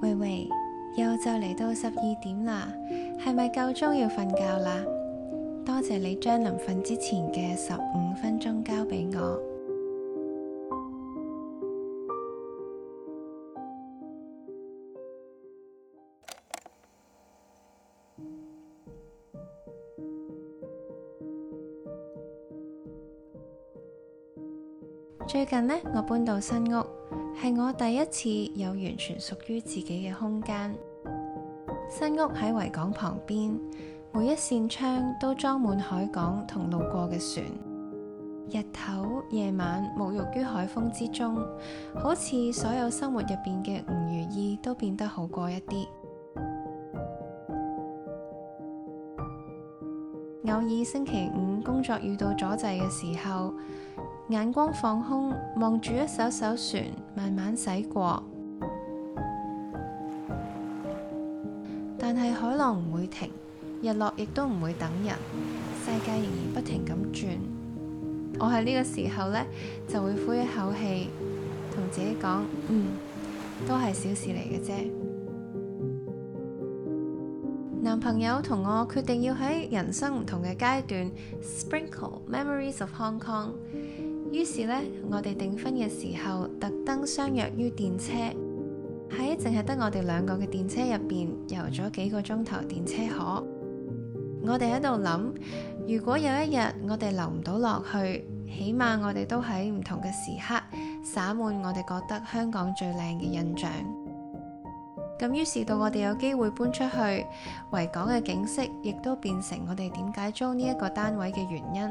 喂喂，又就嚟到十二點啦，係咪夠鐘要瞓覺啦？多謝你將臨瞓之前嘅十五分鐘交畀我。近呢，我搬到新屋，係我第一次有完全屬於自己嘅空間。新屋喺維港旁邊，每一扇窗都裝滿海港同路過嘅船。日頭夜晚沐浴於海風之中，好似所有生活入面嘅唔如意都變得好過一啲。偶爾星期五工作遇到阻滯嘅時候，眼光放空，望住一艘艘船慢慢駛過，但係海浪唔會停，日落亦都唔會等人，世界仍然不停咁轉。我喺呢個時候呢，就會呼一口氣，同自己講：嗯，都係小事嚟嘅啫。男朋友同我決定要喺人生唔同嘅階段，sprinkle memories of Hong Kong。於是呢，我哋訂婚嘅時候特登相約於電車，喺淨係得我哋兩個嘅電車入邊遊咗幾個鐘頭電車河。我哋喺度諗，如果有一日我哋留唔到落去，起碼我哋都喺唔同嘅時刻灑滿我哋覺得香港最靚嘅印象。咁於是到我哋有機會搬出去，維港嘅景色亦都變成我哋點解租呢一個單位嘅原因。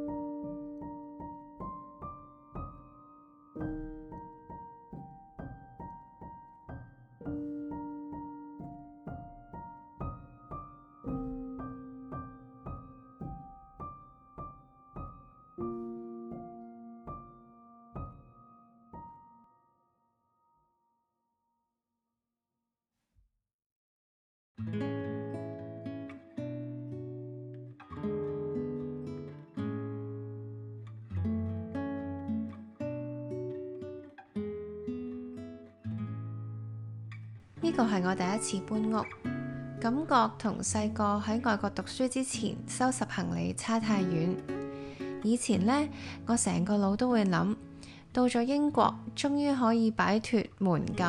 呢個係我第一次搬屋，感覺同細個喺外國讀書之前收拾行李差太遠。以前呢，我成個腦都會諗，到咗英國終於可以擺脫門禁，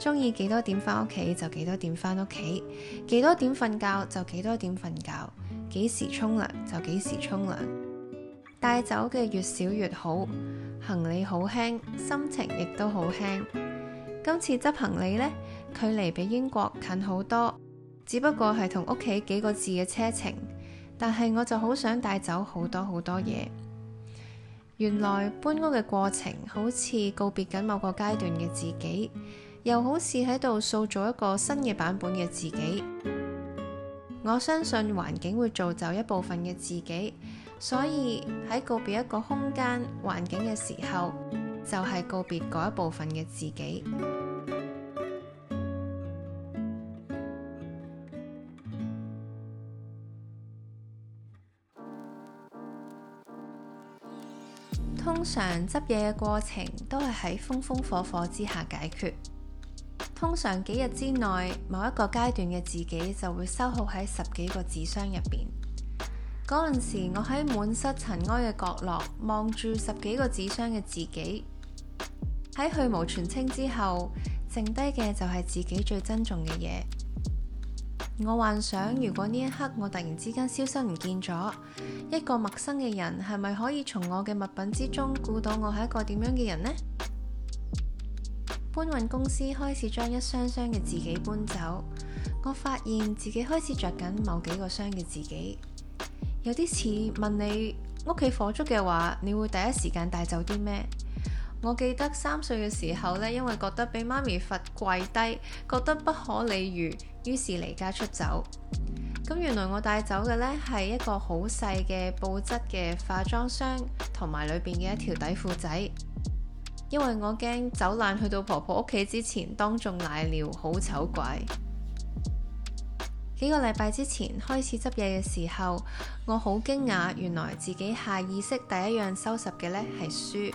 中意幾多點返屋企就幾多點返屋企，幾多點瞓覺就幾多點瞓覺，幾時沖涼就幾時沖涼，帶走嘅越少越好，行李好輕，心情亦都好輕。今次執行李呢。距離比英國近好多，只不過係同屋企幾個字嘅車程，但係我就好想帶走好多好多嘢。原來搬屋嘅過程好似告別緊某個階段嘅自己，又好似喺度塑造一個新嘅版本嘅自己。我相信環境會造就一部分嘅自己，所以喺告別一個空間、環境嘅時候，就係告別嗰一部分嘅自己。通常執嘢嘅過程都係喺風風火火之下解決。通常幾日之內，某一個階段嘅自己就會收好喺十幾個紙箱入邊。嗰陣時，我喺滿室塵埃嘅角落望住十幾個紙箱嘅自己。喺去蕪存菁之後，剩低嘅就係自己最珍重嘅嘢。我幻想，如果呢一刻我突然之間消失唔見咗，一個陌生嘅人係咪可以從我嘅物品之中估到我係一個點樣嘅人呢？搬運公司開始將一箱箱嘅自己搬走，我發現自己開始着緊某幾個箱嘅自己，有啲似問你屋企火燭嘅話，你會第一時間帶走啲咩？我記得三歲嘅時候呢，因為覺得俾媽咪罰跪低，覺得不可理喻，於是離家出走。咁原來我帶走嘅呢係一個好細嘅布質嘅化妝箱，同埋裏邊嘅一條底褲仔，因為我驚走爛去到婆婆屋企之前，當眾瀨尿，好醜怪。幾個禮拜之前開始執嘢嘅時候，我好驚訝，原來自己下意識第一樣收拾嘅呢係書。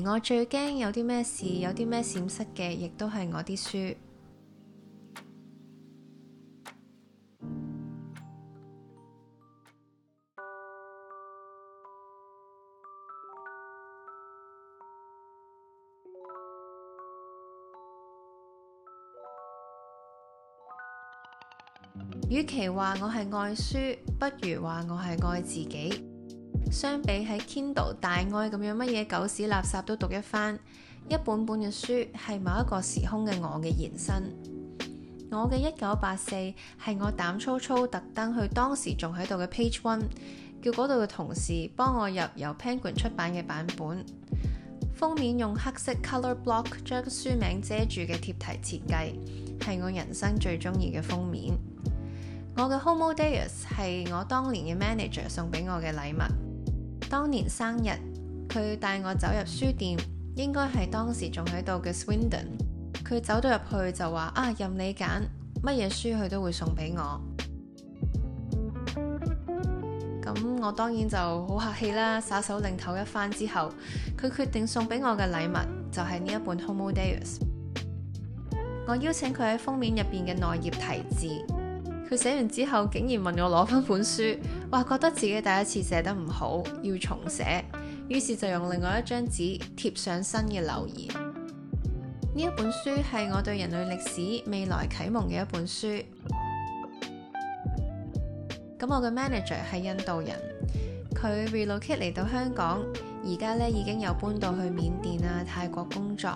而我最驚有啲咩事，有啲咩閃失嘅，亦都係我啲書。與其話，我係愛書，不如話我係愛自己。相比喺 Kindle 大愛咁樣乜嘢，狗屎垃圾都讀一番，一本本嘅書係某一個時空嘅我嘅延伸。我嘅《一九八四》係我膽粗粗特登去當時仲喺度嘅 Page One，叫嗰度嘅同事幫我入由 Penguin 出版嘅版本。封面用黑色 color block 將書名遮住嘅貼題設計，係我人生最中意嘅封面。我嘅《Homo Deus》係我當年嘅 Manager 送俾我嘅禮物。當年生日，佢帶我走入書店，應該係當時仲喺度嘅 Swindon。佢走到入去就話啊，任你揀乜嘢書，佢都會送俾我。咁我當然就好客氣啦，耍手擰頭一番之後，佢決定送俾我嘅禮物就係呢一本《Homo Deus》。我邀請佢喺封面入邊嘅內頁題字，佢寫完之後竟然問我攞翻本書。話覺得自己第一次寫得唔好，要重寫，於是就用另外一張紙貼上新嘅留言。呢一本書係我對人類歷史未來啟蒙嘅一本書。咁 我嘅 manager 係印度人，佢 relocate 嚟到香港，而家咧已經有搬到去緬甸啊、泰國工作。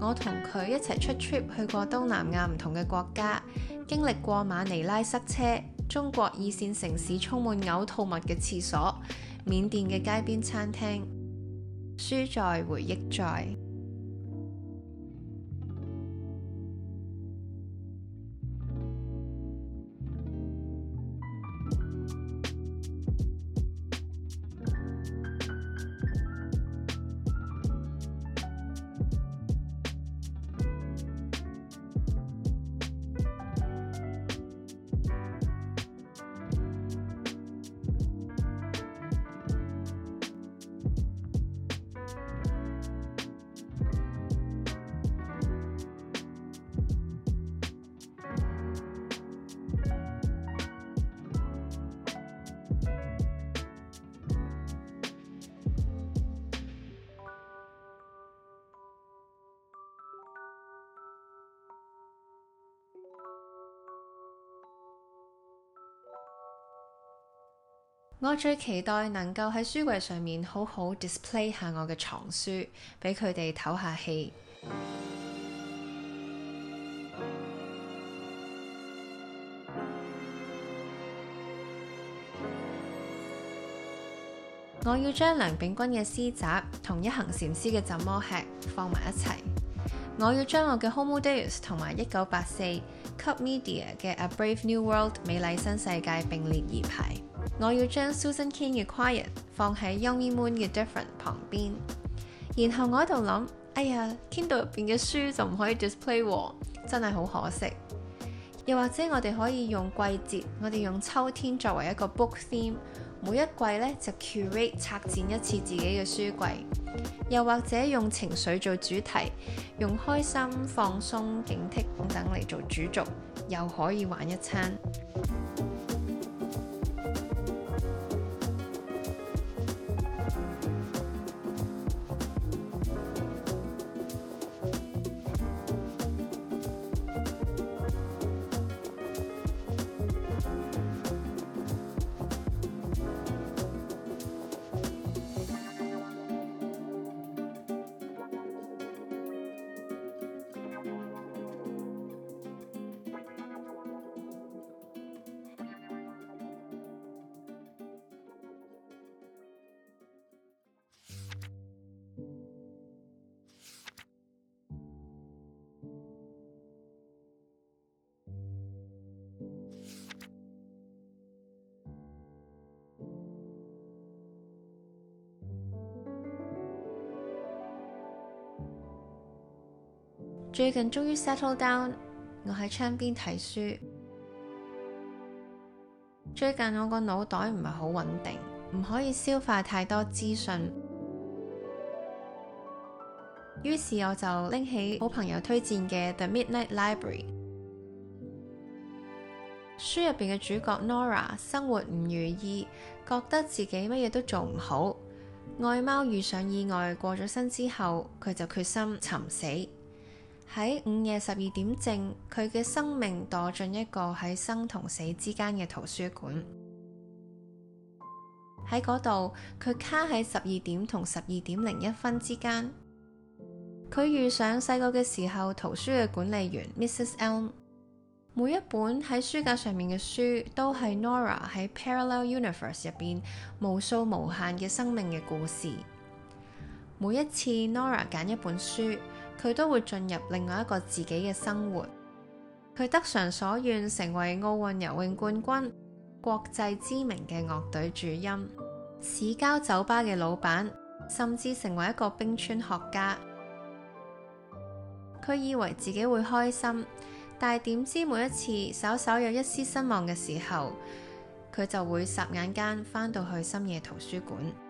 我同佢一齊出 trip 去過東南亞唔同嘅國家，經歷過馬尼拉塞車。中國二線城市充滿嘔吐物嘅廁所，緬甸嘅街邊餐廳，書在，回憶在。我最期待能夠喺書櫃上面好好 display 下我嘅藏書，俾佢哋唞下氣。 我要將梁秉鈞嘅《詩集》、同一行禪師嘅《怎麼吃》放埋一齊。我要將我嘅《Homo Deus》同埋一九八四 Cup Media 嘅《A Brave New World》美麗新世界並列而排。我要將 Susan King 嘅《Quiet》放喺 Yumi Moon 嘅《Different》旁邊，然後我喺度諗，哎呀，Kindle 入邊嘅書就唔可以 display 喎，真係好可惜。又或者我哋可以用季節，我哋用秋天作為一個 book theme，每一季呢就 curate 策展一次自己嘅書櫃。又或者用情緒做主題，用開心、放鬆、警惕等等嚟做主軸，又可以玩一餐。最近終於 settle down，我喺窗邊睇書。最近我個腦袋唔係好穩定，唔可以消化太多資訊，於是我就拎起好朋友推薦嘅《The Midnight Library》。書入面嘅主角 Nora 生活唔如意，覺得自己乜嘢都做唔好，愛貓遇上意外過咗身之後，佢就決心尋死。喺午夜十二點正，佢嘅生命墮進一個喺生同死之間嘅圖書館。喺嗰度，佢卡喺十二點同十二點零一分之間。佢遇上細個嘅時候，圖書嘅管理員 Mrs. Elm，每一本喺書架上面嘅書，都係 Nora 喺 Parallel Universe 入邊無數無限嘅生命嘅故事。每一次 Nora 揀一本書，佢都會進入另外一個自己嘅生活，佢得償所願，成為奧運游泳冠軍、國際知名嘅樂隊主音、市郊酒吧嘅老闆，甚至成為一個冰川學家。佢以為自己會開心，但係點知每一次稍稍有一絲失望嘅時候，佢就會霎眼間返到去深夜圖書館。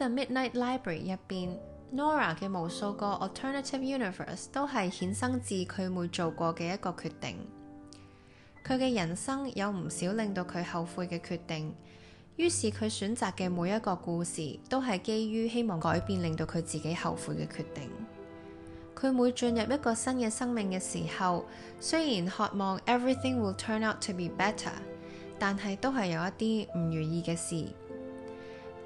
《The Midnight Library》入邊，Nora 嘅無數個 alternative universe 都係衍生自佢每做過嘅一個決定。佢嘅人生有唔少令到佢後悔嘅決定，於是佢選擇嘅每一個故事都係基於希望改變令到佢自己後悔嘅決定。佢每進入一個新嘅生命嘅時候，雖然渴望 everything will turn out to be better，但係都係有一啲唔如意嘅事。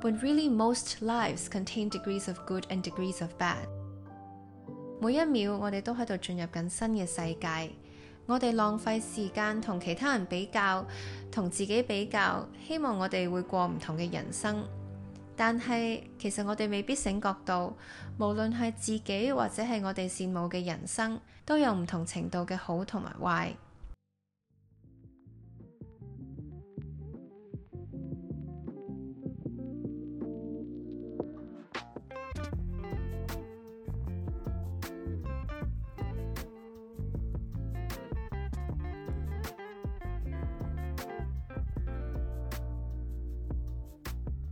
When really, most lives contain degrees of good and degrees of bad。每一秒，我哋都喺度進入緊新嘅世界。我哋浪費時間同其他人比較，同自己比較，希望我哋會過唔同嘅人生。但係其實我哋未必醒覺到，無論係自己或者係我哋羨慕嘅人生，都有唔同程度嘅好同埋壞。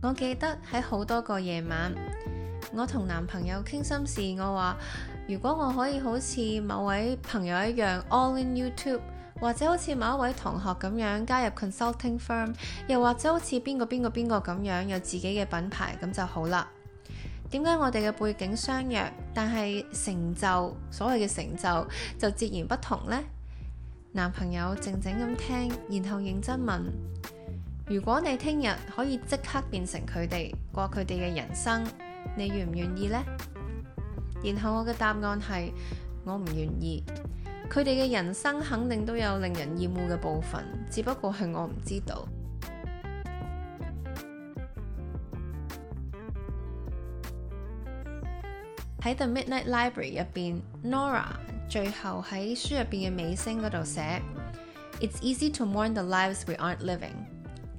我記得喺好多個夜晚，我同男朋友傾心事。我話，如果我可以好似某位朋友一樣 all in YouTube，或者好似某一位同學咁樣加入 consulting firm，又或者好似邊個邊個邊個咁樣有自己嘅品牌咁就好啦。點解我哋嘅背景相若，但係成就所謂嘅成就就截然不同呢？男朋友靜靜咁聽，然後認真問。如果你聽日可以即刻變成佢哋，過佢哋嘅人生，你願唔願意呢？然後我嘅答案係我唔願意。佢哋嘅人生肯定都有令人厭惡嘅部分，只不過係我唔知道喺 The Midnight Library 入邊，Nora 最後喺書入邊嘅尾聲嗰度寫：It's easy to mourn the lives we aren't living。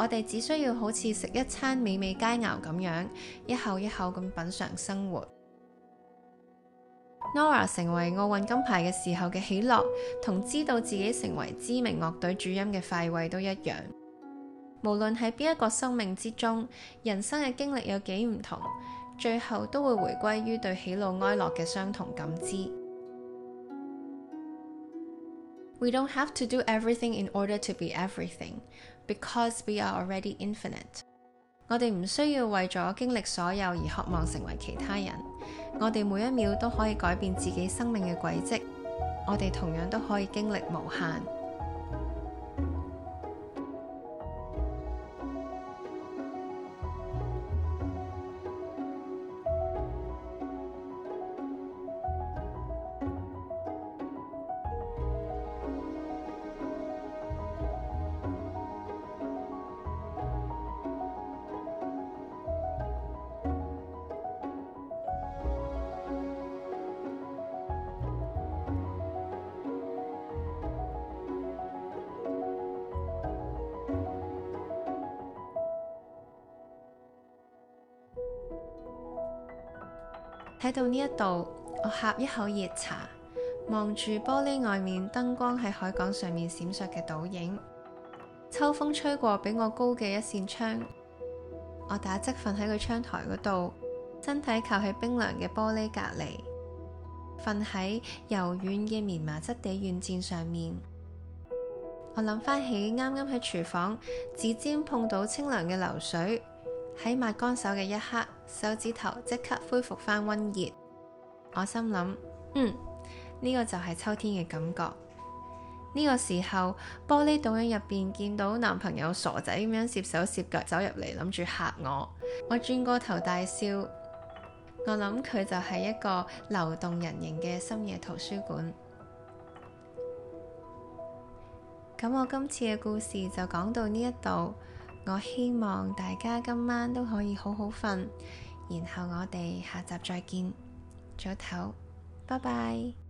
我哋只需要好似食一餐美味佳餚咁樣，一口一口咁品嘗生活。Nora 成為奧運金牌嘅時候嘅喜樂，同知道自己成為知名樂隊主音嘅快慰都一樣。無論喺邊一個生命之中，人生嘅經歷有幾唔同，最後都會回歸於對喜怒哀樂嘅相同感知。We don't have to do everything in order to be everything. Because we are already infinite，我哋唔需要為咗經歷所有而渴望成為其他人。我哋每一秒都可以改變自己生命嘅軌跡，我哋同樣都可以經歷無限。睇到呢一度，我呷一口熱茶，望住玻璃外面燈光喺海港上面閃爍嘅倒影。秋風吹過比我高嘅一扇窗，我打側瞓喺個窗台嗰度，身體靠喺冰涼嘅玻璃隔籬，瞓喺柔軟嘅棉麻質地軟墊上面。我諗翻起啱啱喺廚房，指尖碰到清涼嘅流水，喺抹乾手嘅一刻。手指頭即刻恢復翻溫熱，我心諗，嗯，呢、這個就係秋天嘅感覺。呢、這個時候，玻璃倒影入邊見到男朋友傻仔咁樣攝手攝腳走入嚟，諗住嚇我。我轉過頭大笑，我諗佢就係一個流動人形嘅深夜圖書館。咁我今次嘅故事就講到呢一度。我希望大家今晚都可以好好瞓，然後我哋下集再見，早唞，拜拜。